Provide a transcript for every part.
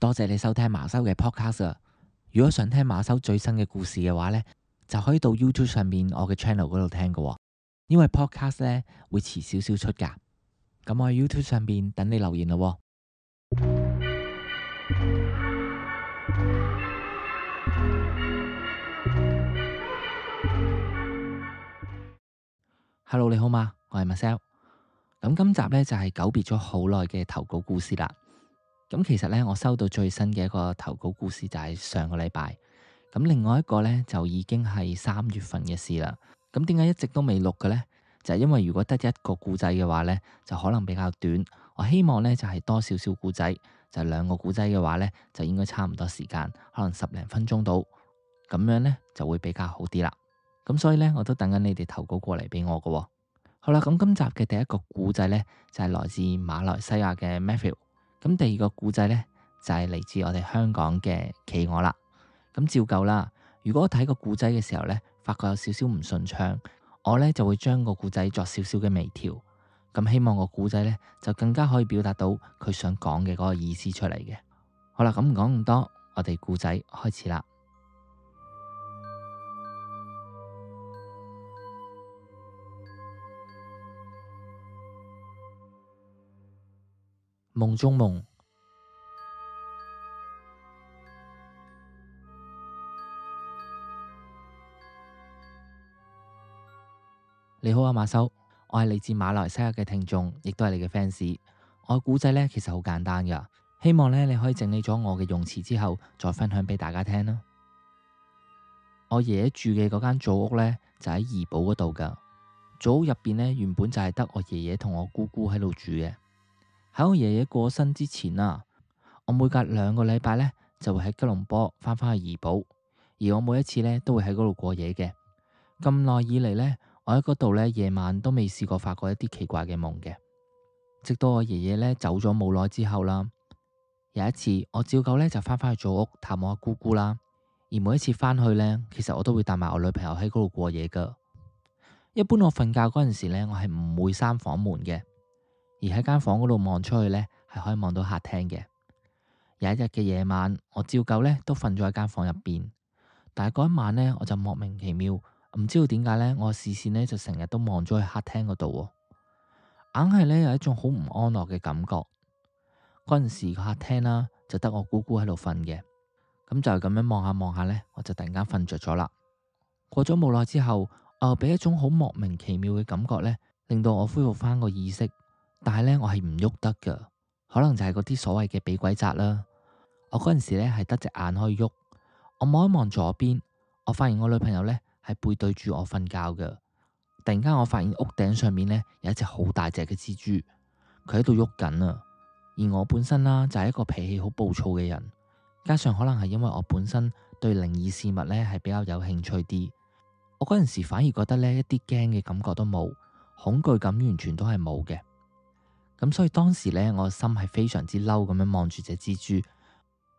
多謝你收聽馬修嘅 podcast。如果想聽馬修最新嘅故事嘅話呢，就可以到 YouTube 上面我嘅 channel 嗰度聽嘅。因為 podcast 呢會遲少少出噶。咁我喺 YouTube 上面等你留言咯。Hello，你好嗎？我係 Marcel。咁今集呢就係久別咗好耐嘅投稿故事啦。咁其實咧，我收到最新嘅一個投稿故事就係上個禮拜，咁另外一個咧就已經係三月份嘅事啦。咁點解一直都未錄嘅咧？就係因為如果得一個故仔嘅話咧，就可能比較短。我希望咧就係多少少故仔，就兩個故仔嘅話咧，就應該差唔多時間，可能十零分鐘到，咁樣咧就會比較好啲啦。咁所以咧，我都等緊你哋投稿過嚟俾我噶。好啦，咁今集嘅第一個故仔咧就係來自馬來西亞嘅 Melfred。咁第二個故仔咧就係嚟自我哋香港嘅企鵝啦。咁照舊啦，如果我睇個故仔嘅時候咧，發覺有少少唔順暢，我咧就會將個故仔作少少嘅微調。咁希望個故仔咧就更加可以表達到佢想講嘅嗰個意思出嚟嘅。好啦，咁唔講咁多，我哋故仔開始啦。夢中夢，你好啊，馬修，我係嚟自馬來西亞嘅聽眾，亦都係你嘅 fans。我嘅故仔呢，其實好簡單噶，希望呢你可以整理咗我嘅用詞之後，再分享俾大家聽啦。我爺爺住嘅嗰間祖屋呢，就喺怡保嗰度噶。祖屋入邊呢，原本就係得我爺爺同我姑姑喺度住嘅。喺我爺爺過身之前啊，我每隔兩個禮拜咧就會喺吉隆坡返返去怡保，而我每一次咧都會喺嗰度過夜嘅。咁耐以嚟，咧，我喺嗰度咧夜晚都未試過發過一啲奇怪嘅夢嘅。直到我爺爺咧走咗冇耐之後啦，有一次我照舊咧就返返去祖屋探望我阿姑姑啦。而每一次返去咧，其實我都會帶埋我女朋友喺嗰度過夜噶。一般我瞓覺嗰陣時咧，我係唔會閂房門嘅。而喺間房嗰度望出去呢，係可以望到客廳嘅。有一日嘅夜晚，我照舊呢都瞓咗喺間房入邊，但係嗰一晚呢，我就莫名其妙，唔知道點解呢，我視線呢就成日都望咗去客廳嗰度，硬係呢，有一種好唔安樂嘅感覺。嗰陣時個客廳啦，就得我姑姑喺度瞓嘅，咁就係咁樣望下望下呢，我就突然間瞓着咗啦。過咗冇耐之後，我又俾一種好莫名其妙嘅感覺呢，令到我恢復翻個意識。但係咧，我係唔喐得噶，可能就係嗰啲所謂嘅畀鬼責啦。我嗰陣時咧係得隻眼可以喐，我望一望左邊，我發現我女朋友咧係背對住我瞓覺噶。突然間，我發現屋頂上面咧有一隻好大隻嘅蜘蛛，佢喺度喐緊啊。而我本身啦就係一個脾氣好暴躁嘅人，加上可能係因為我本身對靈異事物咧係比較有興趣啲，我嗰陣時反而覺得咧一啲驚嘅感覺都冇，恐懼感完全都係冇嘅。咁所以當時咧，我心係非常之嬲咁樣望住隻蜘蛛，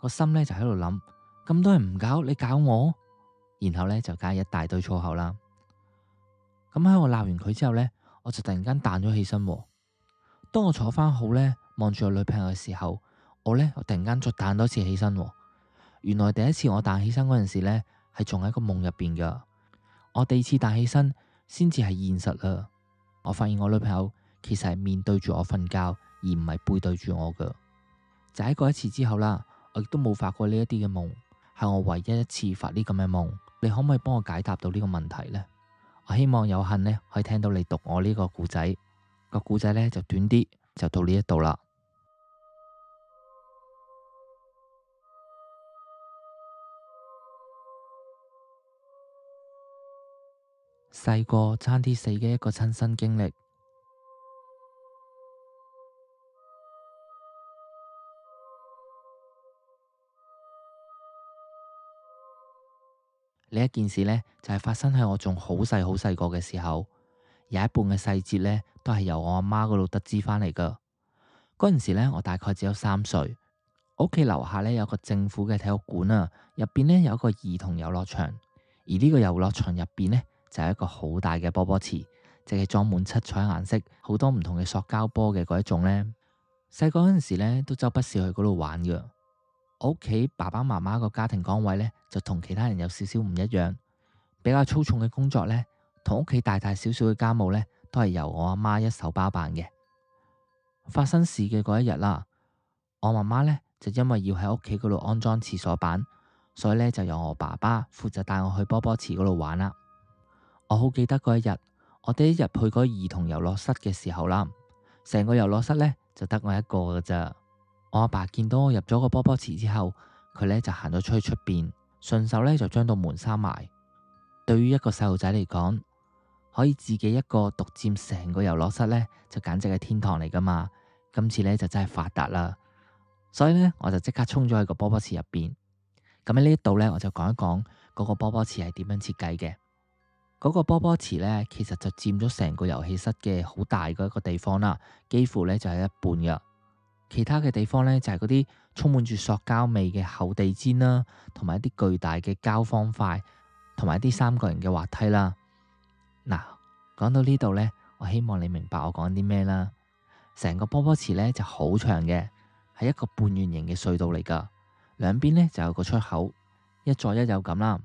個心咧就喺度諗：咁多人唔搞，你搞我？然後咧就加一大堆粗口啦。咁喺我鬧完佢之後咧，我就突然間彈咗起身。當我坐返好咧，望住我女朋友嘅時候，我咧我突然間再彈多次起身。原來第一次我彈起身嗰陣時咧，係仲喺個夢入邊噶。我第二次彈起身先至係現實啊！我發現我女朋友，其實係面對住我瞓覺，而唔係背對住我噶。就喺嗰一次之後啦，我亦都冇發過呢一啲嘅夢，係我唯一一次發呢咁嘅夢。你可唔可以幫我解答到呢個問題呢？我希望有幸呢，可以聽到你讀我呢個故仔。個故仔呢，就短啲，就到呢一度啦。細個 差啲死嘅一個親身經歷。第一件事咧，就係、是、發生喺我仲好細好細個嘅時候，有一半嘅細節咧，都係由我阿媽嗰度得知翻嚟噶。嗰陣時咧，我大概只有三歲。我屋企樓下咧，有個政府嘅體育館啊，入邊咧，有一個兒童遊樂場，而個遊樂場、呢個遊樂場入邊咧，就有、是、一個好大嘅波波池，即係裝滿七彩顏色、好多唔同嘅塑膠波嘅嗰一種咧。細個嗰陣時咧，都周不時去嗰度玩噶。我屋企爸爸媽媽個家庭崗位咧，就同其他人有少少唔一樣，比較粗重嘅工作咧，同屋企大大小小嘅家務咧，都係由我阿媽一手包辦嘅。發生事嘅嗰一日啦，我媽媽咧就因為要喺屋企嗰度安裝廁所板，所以咧就由我爸爸負責帶我去波波池嗰度玩啦。我好記得嗰一日，我哋一入去嗰個兒童遊樂室嘅時候啦，成個遊樂室咧就得我一個噶咋。我阿爸見到我入咗個波波池之後，佢咧就行咗出去出邊，順手咧就將到門閂埋。對於一個細路仔嚟講，可以自己一個獨占成個遊樂室咧，就簡直係天堂嚟噶嘛！今次咧就真係發達啦，所以咧我就即刻衝咗喺個波波池入邊。咁喺呢一度咧，我就講一講嗰個波波池係點樣設計嘅。嗰個波波池咧，其實就佔咗成個遊戲室嘅好大嘅一個地方啦，幾乎咧就係一半噶。其他嘅地方咧，就係嗰啲充滿住塑膠味嘅厚地氈啦，同埋一啲巨大嘅膠方塊，同埋啲三角形嘅滑梯啦。嗱，講到呢度咧，我希望你明白我講啲咩啦。成個波波池咧就好長嘅，係一個半圓形嘅隧道嚟㗎，兩邊咧就有個出口，一左一右咁啦。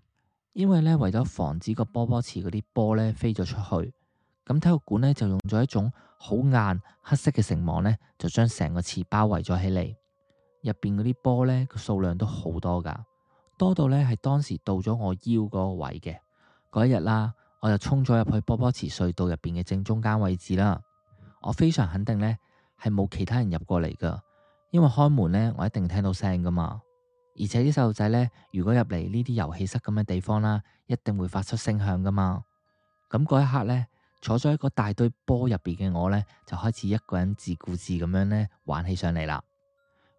因為咧，為咗防止個波波池嗰啲波咧飛咗出去。咁體育館咧就用咗一種好硬黑色嘅繩網咧，就將成個池包圍咗起嚟。入邊嗰啲波咧個數量都好多噶，多到咧係當時到咗我腰嗰個位嘅嗰一日啦、啊。我就衝咗入去波波池隧道入邊嘅正中間位置啦。我非常肯定咧係冇其他人入過嚟噶，因為開門咧我一定聽到聲噶嘛。而且啲細路仔咧，如果入嚟呢啲遊戲室咁嘅地方啦，一定會發出聲響噶嘛。咁嗰一刻咧。坐咗喺個大堆波入邊嘅我咧，就開始一個人自顧自咁樣咧玩起上嚟啦。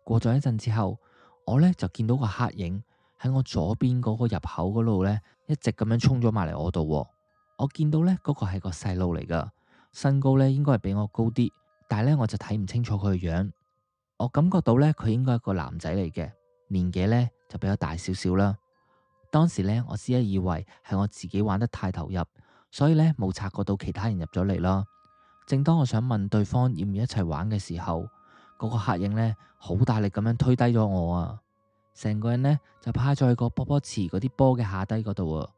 過咗一陣之後，我咧就見到個黑影喺我左邊嗰個入口嗰度咧，一直咁樣衝咗埋嚟我度。我見到咧嗰個係個細路嚟噶，身高咧應該係比我高啲，但係咧我就睇唔清楚佢嘅樣。我感覺到咧佢應該係個男仔嚟嘅，年紀咧就比較大少少啦。當時咧我只係以為係我自己玩得太投入，所以咧冇察覺到其他人入咗嚟咯。正當我想問對方要唔要一齊玩嘅時候，嗰個黑影咧好大力咁樣推低咗我啊，成個人咧就趴咗喺個波波池嗰啲波嘅下低嗰度啊。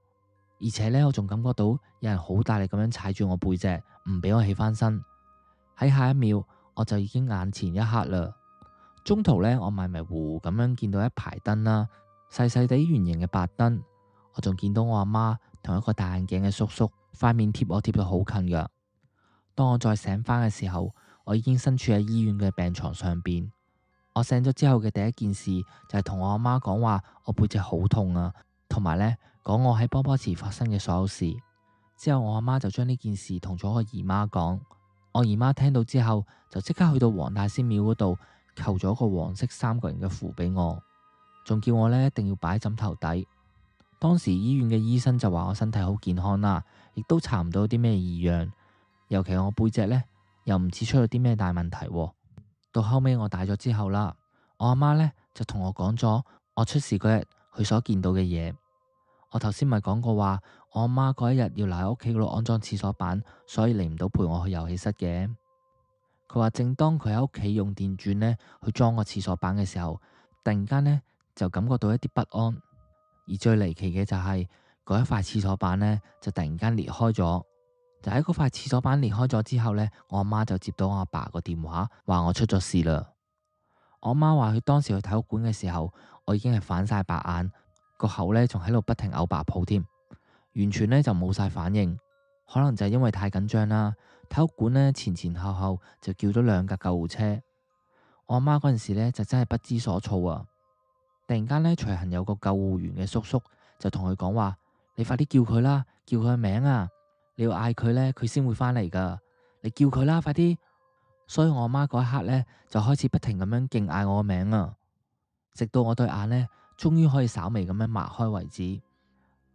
而且咧我仲感覺到有人好大力咁樣踩住我背脊，唔俾我起翻身。喺下一秒我就已經眼前一黑啦。中途咧我迷迷糊糊咁樣見到一排燈啦，啊，細細哋圓形嘅白燈。我仲見到我阿媽。同一個戴眼鏡嘅叔叔，塊面貼我貼到好近嘅。當我再醒返嘅時候，我已經身處喺醫院嘅病床上邊。我醒咗之後嘅第一件事就係、是、同我阿媽講話，我背脊好痛啊，同埋呢講我喺波波池發生嘅所有事。之後我阿媽就將呢件事同咗我姨媽講，我姨媽聽到之後就即刻去到黃大仙廟嗰度求咗個黃色三個人嘅符俾我，仲叫我呢一定要擺枕頭底。當時醫院嘅醫生就話我身體好健康啦，亦都查唔到啲咩異樣，尤其我背脊咧又唔似出咗啲咩大問題。到後尾我大咗之後啦，我阿媽咧就同我講咗我出事嗰日佢所見到嘅嘢。我頭先咪講過話，我阿媽嗰一日要留喺屋企度安裝廁所板，所以嚟唔到陪我去遊戲室嘅。佢話正當佢喺屋企用電鑽咧去裝個廁所板嘅時候，突然間咧就感覺到一啲不安。而最離奇嘅就係、是、嗰一塊廁所板呢，就突然間裂開咗。就喺嗰塊廁所板裂開咗之後呢，我阿媽就接到我阿爸個電話，話我出咗事啦。我阿媽話佢當時去體育館嘅時候，我已經係反晒白眼，個口呢仲喺度不停嘔白泡添，完全呢就冇晒反應。可能就係因為太緊張啦。體育館呢，前前後後就叫咗兩架救護車。我阿媽嗰陣時呢就真係不知所措啊。突然間咧，隨行有個救護員嘅叔叔就同佢講話：你快啲叫佢啦，叫佢個名啊！你要嗌佢咧，佢先會返嚟噶。你叫佢啦，快啲！所以我阿媽嗰一刻咧，就開始不停咁樣勁嗌我個名啊，直到我對眼咧，終於可以稍微咁樣擘開為止。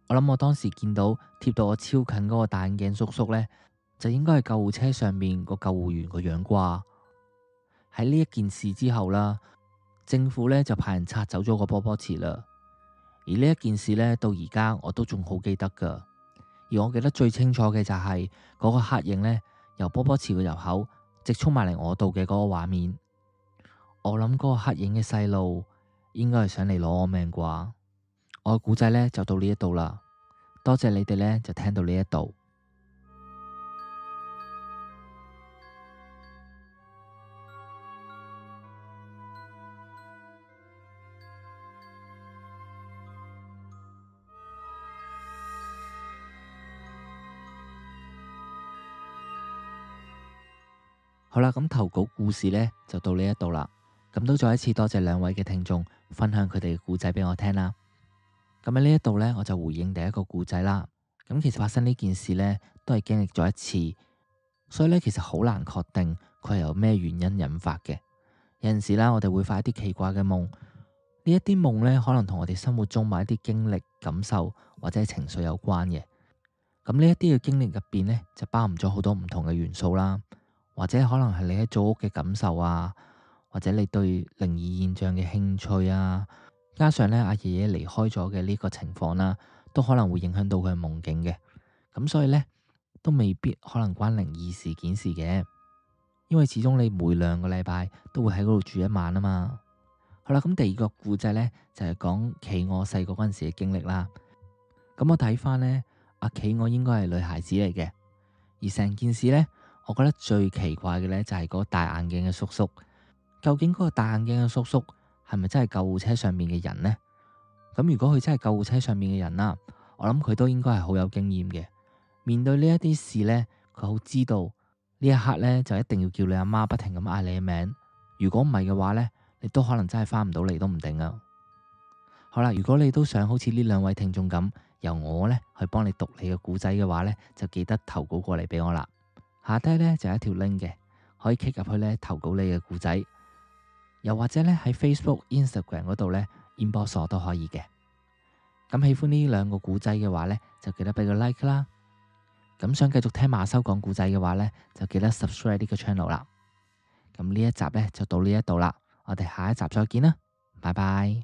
我諗我當時見到貼到我超近嗰個大眼鏡叔叔咧，就應該係救護車上面個救護員個樣啩。喺呢一件事之後啦。政府咧就派人拆走咗個波波池啦，而呢一件事咧，到而家我都仲好記得噶，而我記得最清楚嘅就係嗰個黑影咧由波波池嘅入口直衝埋嚟我度嘅嗰個畫面。我諗嗰個黑影嘅細路應該係想嚟攞我命啩。我嘅古仔咧就到呢一度啦，多謝你哋咧就聽到呢一度。好啦，咁投稿故事呢，就到呢一度啦。咁都再一次多謝兩位嘅聽眾分享佢哋嘅故仔俾我聽啦。咁喺呢一度呢，我就回應第一個故仔啦。咁其實發生呢件事呢，都係經歷咗一次，所以呢，其實好難確定佢係由咩原因引發嘅。有陣時啦，我哋會發一啲奇怪嘅夢，呢一啲夢呢，可能同我哋生活中某一啲經歷、感受或者情緒有關嘅。咁呢一啲嘅經歷入邊呢，就包含咗好多唔同嘅元素啦。或者可能係你喺祖屋嘅感受啊，或者你對靈異現象嘅興趣啊，加上呢阿爺爺離開咗嘅呢個情況啦、啊，都可能會影響到佢嘅夢境嘅。咁所以呢，都未必可能關靈異事件事嘅，因為始終你每兩個禮拜都會喺嗰度住一晚啊嘛。好啦，咁第二個故仔呢，就係、是、講企鵝細個嗰陣時嘅經歷啦。咁、嗯、我睇翻呢，阿企鵝應該係女孩子嚟嘅，而成件事呢。我覺得最奇怪嘅咧，就係嗰個戴眼鏡嘅叔叔。究竟嗰個戴眼鏡嘅叔叔係咪真係救護車上面嘅人呢？咁如果佢真係救護車上面嘅人啦，我諗佢都應該係好有經驗嘅。面對呢一啲事咧，佢好知道呢一刻咧就一定要叫你阿媽不停咁嗌你嘅名。如果唔係嘅話咧，你都可能真係翻唔到嚟都唔定啊。好啦，如果你都想好似呢兩位聽眾咁，由我咧去幫你讀你嘅故仔嘅話咧，就記得投稿過嚟俾我啦。下底咧就有一條 link 嘅，可以 kick 入去咧投稿你嘅故仔，又或者咧喺 Facebook、Instagram 嗰度咧 inbox 我都可以嘅。咁喜歡呢兩個故仔嘅話咧，就記得畀個 like 啦。咁想繼續聽馬修講故仔嘅話咧，就記得 subscribe 呢個 channel 啦。咁呢一集咧就到呢一度啦，我哋下一集再見啦，拜拜。